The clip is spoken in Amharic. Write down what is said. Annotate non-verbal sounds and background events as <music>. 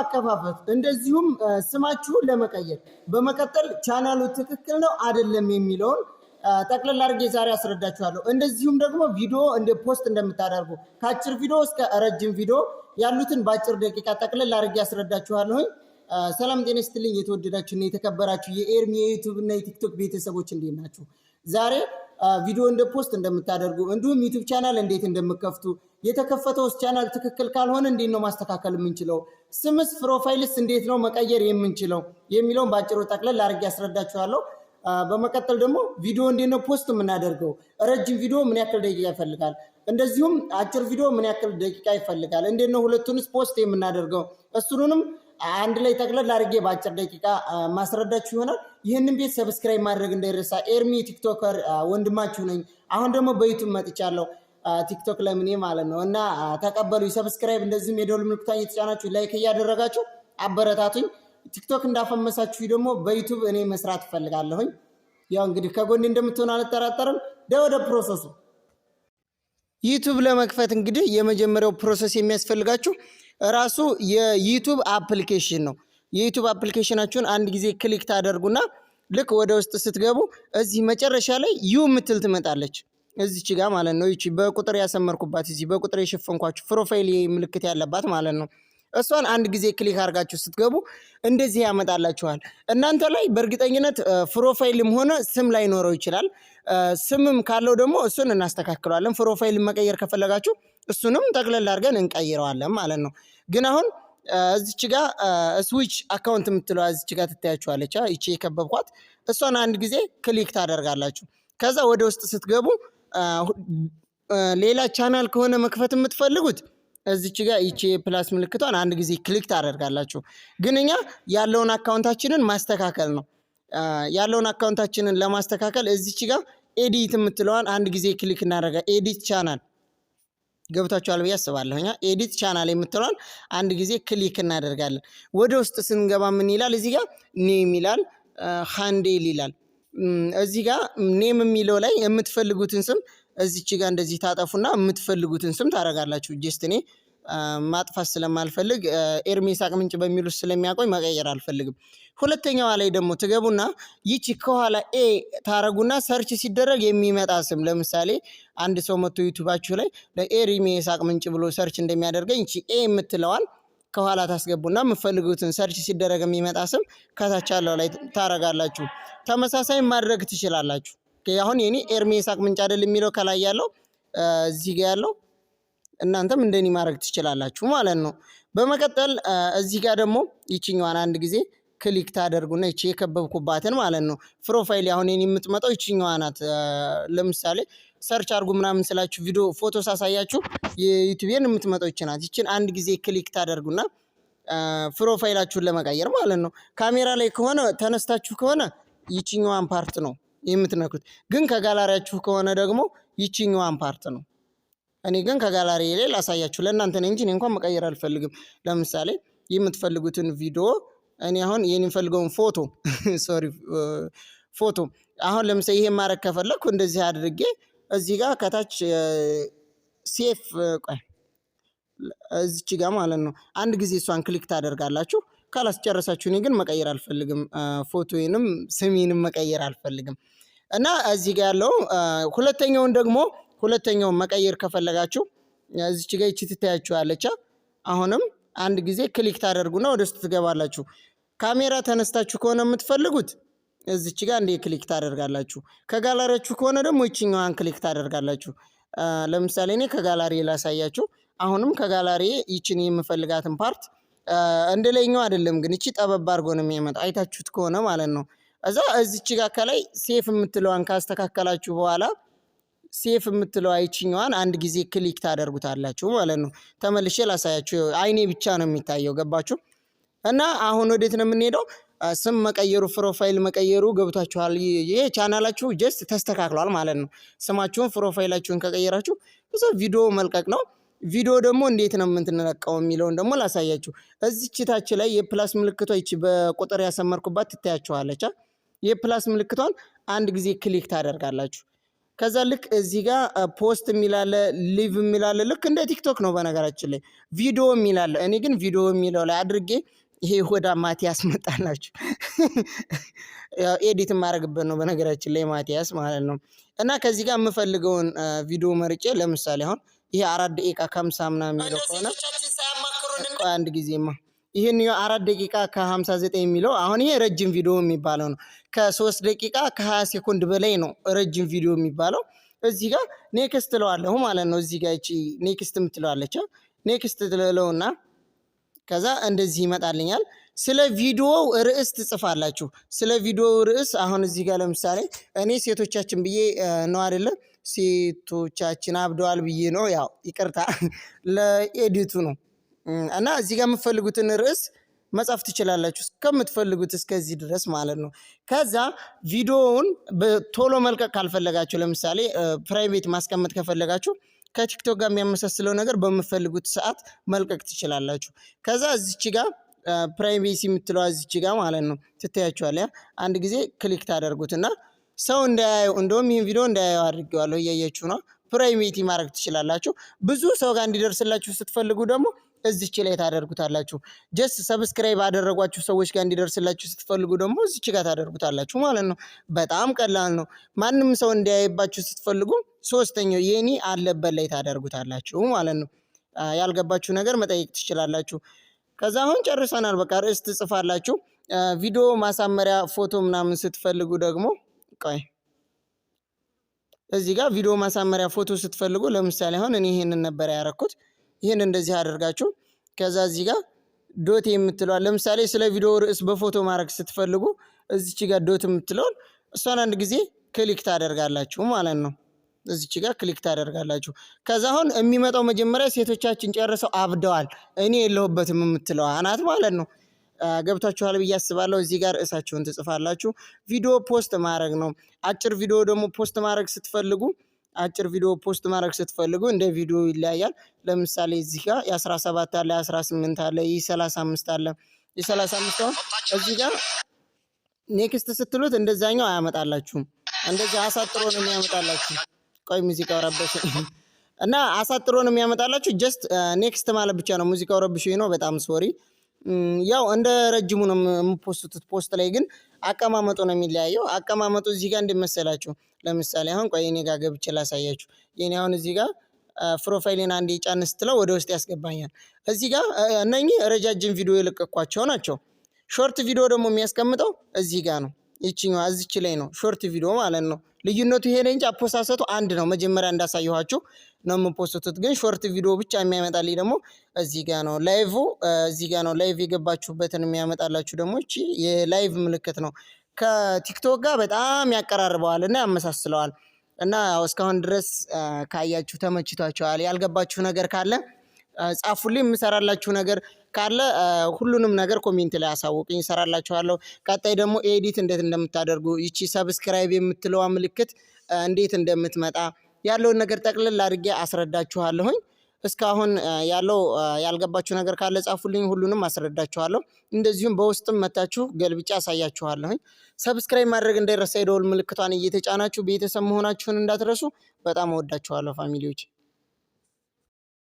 አከፋፈት፣ እንደዚሁም ስማችሁን ለመቀየር። በመቀጠል ቻናሉ ትክክል ነው አይደለም የሚለውን ጠቅለል አድርጌ ዛሬ አስረዳችኋለሁ። እንደዚሁም ደግሞ ቪዲዮ እንደ ፖስት እንደምታደርጉ ከአጭር ቪዲዮ እስከ ረጅም ቪዲዮ ያሉትን በአጭር ደቂቃ ጠቅለል አድርጌ አስረዳችኋለሁኝ። ሰላም ጤና ይስጥልኝ የተከበራችሁ የኤርሚ የዩቱብ እና የቲክቶክ ቤተሰቦች እንዴት ናችሁ? ዛሬ ቪዲዮ እንደ ፖስት እንደምታደርጉ እንዲሁም ዩቱብ ቻናል እንዴት እንደምከፍቱ የተከፈተውስ ቻናል ትክክል ካልሆነ እንዴት ነው ማስተካከል የምንችለው? ስምስ ፕሮፋይልስ እንዴት ነው መቀየር የምንችለው የሚለውን በአጭሩ ጠቅለል አድርጌ ያስረዳችኋለሁ። በመቀጠል ደግሞ ቪዲዮ እንዴት ነው ፖስት የምናደርገው? ረጅም ቪዲዮ ምን ያክል ደቂቃ ይፈልጋል? እንደዚሁም አጭር ቪዲዮ ምን ያክል ደቂቃ ይፈልጋል? እንዴት ነው ሁለቱንስ ፖስት የምናደርገው? እሱንም አንድ ላይ ጠቅለል አድርጌ በአጭር ደቂቃ ማስረዳችሁ ይሆናል። ይህንን ቤት ሰብስክራይብ ማድረግ እንዳይረሳ። ኤርሚ ቲክቶከር ወንድማችሁ ነኝ። አሁን ደግሞ በዩቱብ መጥቻለሁ ቲክቶክ ለምኔ ማለት ነው እና ተቀበሉ። ሰብስክራይብ እንደዚህም የደወል ምልክቷን እየተጫናችሁ ላይክ እያደረጋችሁ አበረታቱኝ። ቲክቶክ እንዳፈመሳችሁ ደግሞ በዩቱብ እኔ መስራት እፈልጋለሁኝ። ያው እንግዲህ ከጎኔ እንደምትሆን አልጠራጠርም። ደወደ ፕሮሰሱ ዩቱብ ለመክፈት እንግዲህ የመጀመሪያው ፕሮሰስ የሚያስፈልጋችሁ ራሱ የዩቱብ አፕሊኬሽን ነው። የዩቱብ አፕሊኬሽናችሁን አንድ ጊዜ ክሊክ ታደርጉና ልክ ወደ ውስጥ ስትገቡ እዚህ መጨረሻ ላይ ዩ ምትል ትመጣለች። እዚች ጋር ማለት ነው። ይቺ በቁጥር ያሰመርኩባት እዚህ በቁጥር የሸፈንኳችሁ ፕሮፋይል ምልክት ያለባት ማለት ነው። እሷን አንድ ጊዜ ክሊክ አድርጋችሁ ስትገቡ እንደዚህ ያመጣላችኋል። እናንተ ላይ በእርግጠኝነት ፕሮፋይልም ሆነ ስም ላይኖረው ይችላል። ስምም ካለው ደግሞ እሱን እናስተካክለዋለን። ፕሮፋይል መቀየር ከፈለጋችሁ እሱንም ጠቅለል አድርገን እንቀይረዋለን ማለት ነው። ግን አሁን እዚች ጋ ስዊች አካውንት የምትለው እዚች ጋ ትታያችኋለች። ይቺ የከበብኳት እሷን አንድ ጊዜ ክሊክ ታደርጋላችሁ። ከዛ ወደ ውስጥ ስትገቡ ሌላ ቻናል ከሆነ መክፈት የምትፈልጉት እዚች ጋር ይቺ ፕላስ ምልክቷን አንድ ጊዜ ክሊክ ታደርጋላችሁ። ግን እኛ ያለውን አካውንታችንን ማስተካከል ነው። ያለውን አካውንታችንን ለማስተካከል እዚች ጋር ኤዲት የምትለዋን አንድ ጊዜ ክሊክ እናደርጋ። ኤዲት ቻናል ገብታችኋል ብዬ አስባለሁ። እኛ ኤዲት ቻናል የምትለዋን አንድ ጊዜ ክሊክ እናደርጋለን። ወደ ውስጥ ስንገባ ምን ይላል? እዚህ ጋር ኔም ይላል፣ ሃንዴል ይላል። እዚህ ጋር ኔም የሚለው ላይ የምትፈልጉትን ስም እዚች ጋር እንደዚህ ታጠፉና የምትፈልጉትን ስም ታደርጋላችሁ። ጀስት እኔ ማጥፋት ስለማልፈልግ ኤርሜሳቅ ምንጭ በሚሉ ስለሚያቆኝ መቀየር አልፈልግም። ሁለተኛዋ ላይ ደግሞ ትገቡና ይቺ ከኋላ ኤ ታረጉና ሰርች ሲደረግ የሚመጣ ስም ለምሳሌ አንድ ሰው መቶ ዩቱባችሁ ላይ ኤርሜሳቅ ምንጭ ብሎ ሰርች እንደሚያደርገኝ ይቺ ኤ የምትለዋል ከኋላ ታስገቡና የምፈልጉትን ሰርች ሲደረግ የሚመጣ ስም ከታች ያለው ላይ ታረጋላችሁ። ተመሳሳይ ማድረግ ትችላላችሁ። አሁን የኔ ኤርሜሳቅ ምንጭ አይደል የሚለው ከላይ ያለው እዚህ ጋር ያለው እናንተም እንደኔ ማድረግ ትችላላችሁ ማለት ነው። በመቀጠል እዚህ ጋር ደግሞ ይችኛዋን አንድ ጊዜ ክሊክ ታደርጉና ይቺ የከበብኩባትን ማለት ነው ፕሮፋይል አሁን የኔ የምትመጣው ይችኛዋ ናት። ለምሳሌ ሰርች አድርጉ ምናምን ስላችሁ ቪዲዮ ፎቶ ሳሳያችሁ የዩቲዩብን የምትመጣው ይች ናት። ይችን አንድ ጊዜ ክሊክ ታደርጉና ፕሮፋይላችሁን ለመቀየር ማለት ነው። ካሜራ ላይ ከሆነ ተነስታችሁ ከሆነ ይችኛዋን ፓርት ነው የምትነክሉት። ግን ከጋላሪያችሁ ከሆነ ደግሞ ይችኛዋን ፓርት ነው። እኔ ግን ከጋላሪ ላይ ላሳያችሁ ለእናንተ እንጂ እኔ እንኳን መቀየር አልፈልግም። ለምሳሌ የምትፈልጉትን ቪዲዮ እኔ አሁን የምፈልገውን ፎቶ <laughs> ሶሪ ፎቶ አሁን ለምሳሌ ይሄ ማድረግ ከፈለግኩ እንደዚህ አድርጌ እዚህ ጋር ከታች ሴፍ ቆይ እዚች ጋር ማለት ነው። አንድ ጊዜ እሷን ክሊክ ታደርጋላችሁ። ካላስጨረሳችሁ እኔ ግን መቀየር አልፈልግም። ፎቶዬንም ስሜንም መቀየር አልፈልግም እና እዚህ ጋ ያለው ሁለተኛውን ደግሞ ሁለተኛውን መቀየር ከፈለጋችሁ እዚች ጋ ይቺ ትታያችኋለች። አሁንም አንድ ጊዜ ክሊክ ታደርጉና ወደ ውስጥ ትገባላችሁ። ካሜራ ተነስታችሁ ከሆነ የምትፈልጉት እዚች ጋ እንዴ ክሊክ ታደርጋላችሁ። ከጋላሪያችሁ ከሆነ ደግሞ ይችኛዋን ክሊክ ታደርጋላችሁ። ለምሳሌ እኔ ከጋላሪ ላሳያችሁ። አሁንም ከጋላሪ ይችን የምፈልጋትን ፓርት እንደ ላይኛው አይደለም ግን እቺ ጠበብ አድርጎ ነው የሚመጣ አይታችሁት ከሆነ ማለት ነው። እዛ እዚች ጋር ከላይ ሴፍ የምትለዋን ካስተካከላችሁ በኋላ ሴፍ የምትለው አይችኛዋን አንድ ጊዜ ክሊክ ታደርጉታላችሁ ማለት ነው። ተመልሼ ላሳያችሁ። አይኔ ብቻ ነው የሚታየው ገባችሁ? እና አሁን ወዴት ነው የምንሄደው? ስም መቀየሩ ፕሮፋይል መቀየሩ ገብቷችኋል። ይሄ ቻናላችሁ ጀስት ተስተካክሏል ማለት ነው። ስማችሁን ፕሮፋይላችሁን ከቀየራችሁ ብዙ ቪዲዮ መልቀቅ ነው። ቪዲዮ ደግሞ እንዴት ነው የምትንለቀው የሚለውን ደግሞ ላሳያችሁ። እዚች ታች ላይ የፕላስ ምልክቷ ይቺ በቁጥር ያሰመርኩባት ትታያችኋለች። የፕላስ ምልክቷን አንድ ጊዜ ክሊክ ታደርጋላችሁ። ከዛ ልክ እዚህ ጋር ፖስት የሚላለ ሊቭ የሚላለ ልክ እንደ ቲክቶክ ነው በነገራችን ላይ ቪዲዮ የሚላለ እኔ ግን ቪዲዮ የሚለው ላይ አድርጌ ይሄ ሆዳ ማቲያስ መጣላችሁ። <laughs> ኤዲት የማደርግበት ነው በነገራችን ላይ ማቲያስ ማለት ነው። እና ከዚህ ጋር የምፈልገውን ቪዲዮ መርጬ ለምሳሌ አሁን ይሄ አራት ደቂቃ ከሀምሳ ምናምን የሚለው ከሆነ አንድ ጊዜማ ይህን አራት ደቂቃ ከሀምሳ ዘጠኝ የሚለው አሁን ይሄ ረጅም ቪዲዮ የሚባለው ነው። ከሶስት ደቂቃ ከሀያ ሴኮንድ በላይ ነው ረጅም ቪዲዮ የሚባለው። እዚህ ጋር ኔክስት ትለዋለሁ ማለት ነው። እዚህ ጋር ኔክስት የምትለዋለች ኔክስት ትለለውና ከዛ እንደዚህ ይመጣልኛል። ስለ ቪዲዮው ርዕስ ትጽፋላችሁ። ስለ ቪዲዮው ርዕስ አሁን እዚህ ጋር ለምሳሌ እኔ ሴቶቻችን ብዬ ነው አይደለም፣ ሴቶቻችን አብደዋል ብዬ ነው። ያው ይቅርታ <laughs> ለኤዲቱ ነው። እና እዚህ ጋር የምትፈልጉትን ርዕስ መጻፍ ትችላላችሁ እስከምትፈልጉት እስከዚህ ድረስ ማለት ነው። ከዛ ቪዲዮውን በቶሎ መልቀቅ ካልፈለጋችሁ፣ ለምሳሌ ፕራይቬት ማስቀመጥ ከፈለጋችሁ ከቲክቶክ ጋር የሚያመሳስለው ነገር በምፈልጉት ሰዓት መልቀቅ ትችላላችሁ። ከዛ እዚች ጋር ፕራይቬሲ የምትለዋ እዚች ጋር ማለት ነው ትታያችኋል። ያ አንድ ጊዜ ክሊክ ታደርጉትና ሰው እንዳያየው እንደውም ይህን ቪዲዮ እንዳያየው አድርጌዋለሁ። እያያችሁ ነው። ፕራይቬቲ ማድረግ ትችላላችሁ። ብዙ ሰው ጋር እንዲደርስላችሁ ስትፈልጉ ደግሞ እዚች ላይ ታደርጉታላችሁ። ጀስት ሰብስክራይብ አደረጓችሁ ሰዎች ጋር እንዲደርስላችሁ ስትፈልጉ ደግሞ እዚች ጋር ታደርጉታላችሁ ማለት ነው። በጣም ቀላል ነው። ማንም ሰው እንዳያይባችሁ ስትፈልጉ ሶስተኛው የኒ አለበት ላይ ታደርጉታላችሁ ማለት ነው። ያልገባችሁ ነገር መጠየቅ ትችላላችሁ። ከዛ አሁን ጨርሰናል። በቃ ርዕስ ትጽፋላችሁ። ቪዲዮ ማሳመሪያ ፎቶ ምናምን ስትፈልጉ ደግሞ ቆይ እዚህ ጋር ቪዲዮ ማሳመሪያ ፎቶ ስትፈልጉ ለምሳሌ አሁን እኔ ይሄንን ነበር ያረኩት። ይህን እንደዚህ አደርጋችሁ ከዛ እዚህ ጋር ዶት የምትለዋል ለምሳሌ ስለ ቪዲዮ ርዕስ በፎቶ ማድረግ ስትፈልጉ እዚች ጋር ዶት የምትለዋል እሷን አንድ ጊዜ ክሊክ ታደርጋላችሁ ማለት ነው። እዚች ጋር ክሊክ ታደርጋላችሁ። ከዛ አሁን የሚመጣው መጀመሪያ ሴቶቻችን ጨርሰው አብደዋል እኔ የለሁበትም የምትለው አናት ማለት ነው። ገብታችኋል ብዬ አስባለሁ። እዚህ ጋር እሳችሁን ትጽፋላችሁ። ቪዲዮ ፖስት ማድረግ ነው። አጭር ቪዲዮ ደግሞ ፖስት ማድረግ ስትፈልጉ አጭር ቪዲዮ ፖስት ማድረግ ስትፈልጉ እንደ ቪዲዮ ይለያያል። ለምሳሌ እዚህ ጋር የ17 አለ፣ የ18 አለ፣ የ35 አለ። የ35 አሁን እዚህ ጋር ኔክስት ስትሉት እንደዛኛው አያመጣላችሁም። እንደዚህ አሳጥሮ ነው የሚያመጣላችሁ። ቆይ ሙዚቃው ረበሽ እና አሳጥሮ ነው የሚያመጣላችሁ። ጀስት ኔክስት ማለት ብቻ ነው። ሙዚቃው ረብሽ ነው፣ በጣም ሶሪ። ያው እንደ ረጅሙ ነው የምፖስቱት። ፖስት ላይ ግን አቀማመጡ ነው የሚለያየው። አቀማመጡ እዚህ ጋር እንደመሰላችሁ ለምሳሌ አሁን ቆይ እኔ ጋር ገብቼ ላሳያችሁ። የኔ አሁን እዚህ ጋር ፕሮፋይሌን አንዴ ጫን ስትለው ወደ ውስጥ ያስገባኛል። እዚህ ጋር እነኚህ ረጃጅም ቪዲዮ የለቀኳቸው ናቸው። ሾርት ቪዲዮ ደግሞ የሚያስቀምጠው እዚህ ጋር ነው። ይችኛዋ እዚች ላይ ነው ሾርት ቪዲዮ ማለት ነው። ልዩነቱ ይሄ እንጂ አፖሳሰቱ አንድ ነው። መጀመሪያ እንዳሳየኋችሁ ነው የምፖስቱት። ግን ሾርት ቪዲዮ ብቻ የሚያመጣልኝ ደግሞ እዚህ ጋ ነው ላይቭ፣ እዚህ ጋ ነው ላይቭ የገባችሁበትን የሚያመጣላችሁ ደግሞ እቺ የላይቭ ምልክት ነው። ከቲክቶክ ጋር በጣም ያቀራርበዋል እና ያመሳስለዋል እና እስካሁን ድረስ ካያችሁ ተመችቷቸዋል። ያልገባችሁ ነገር ካለ ጻፉልኝ። የምሰራላችሁ ነገር ካለ ሁሉንም ነገር ኮሜንት ላይ አሳውቅኝ፣ እሰራላችኋለሁ። ቀጣይ ደግሞ ኤዲት እንዴት እንደምታደርጉ ይቺ ሰብስክራይብ የምትለዋ ምልክት እንዴት እንደምትመጣ ያለውን ነገር ጠቅልል አድርጌ አስረዳችኋለሁኝ። እስካሁን ያለው ያልገባችሁ ነገር ካለ ጻፉልኝ፣ ሁሉንም አስረዳችኋለሁ። እንደዚሁም በውስጥም መታችሁ ገልብጫ አሳያችኋለሁኝ። ሰብስክራይብ ማድረግ እንዳይረሳ የደወል ምልክቷን እየተጫናችሁ ቤተሰብ መሆናችሁን እንዳትረሱ። በጣም እወዳችኋለሁ ፋሚሊዎች።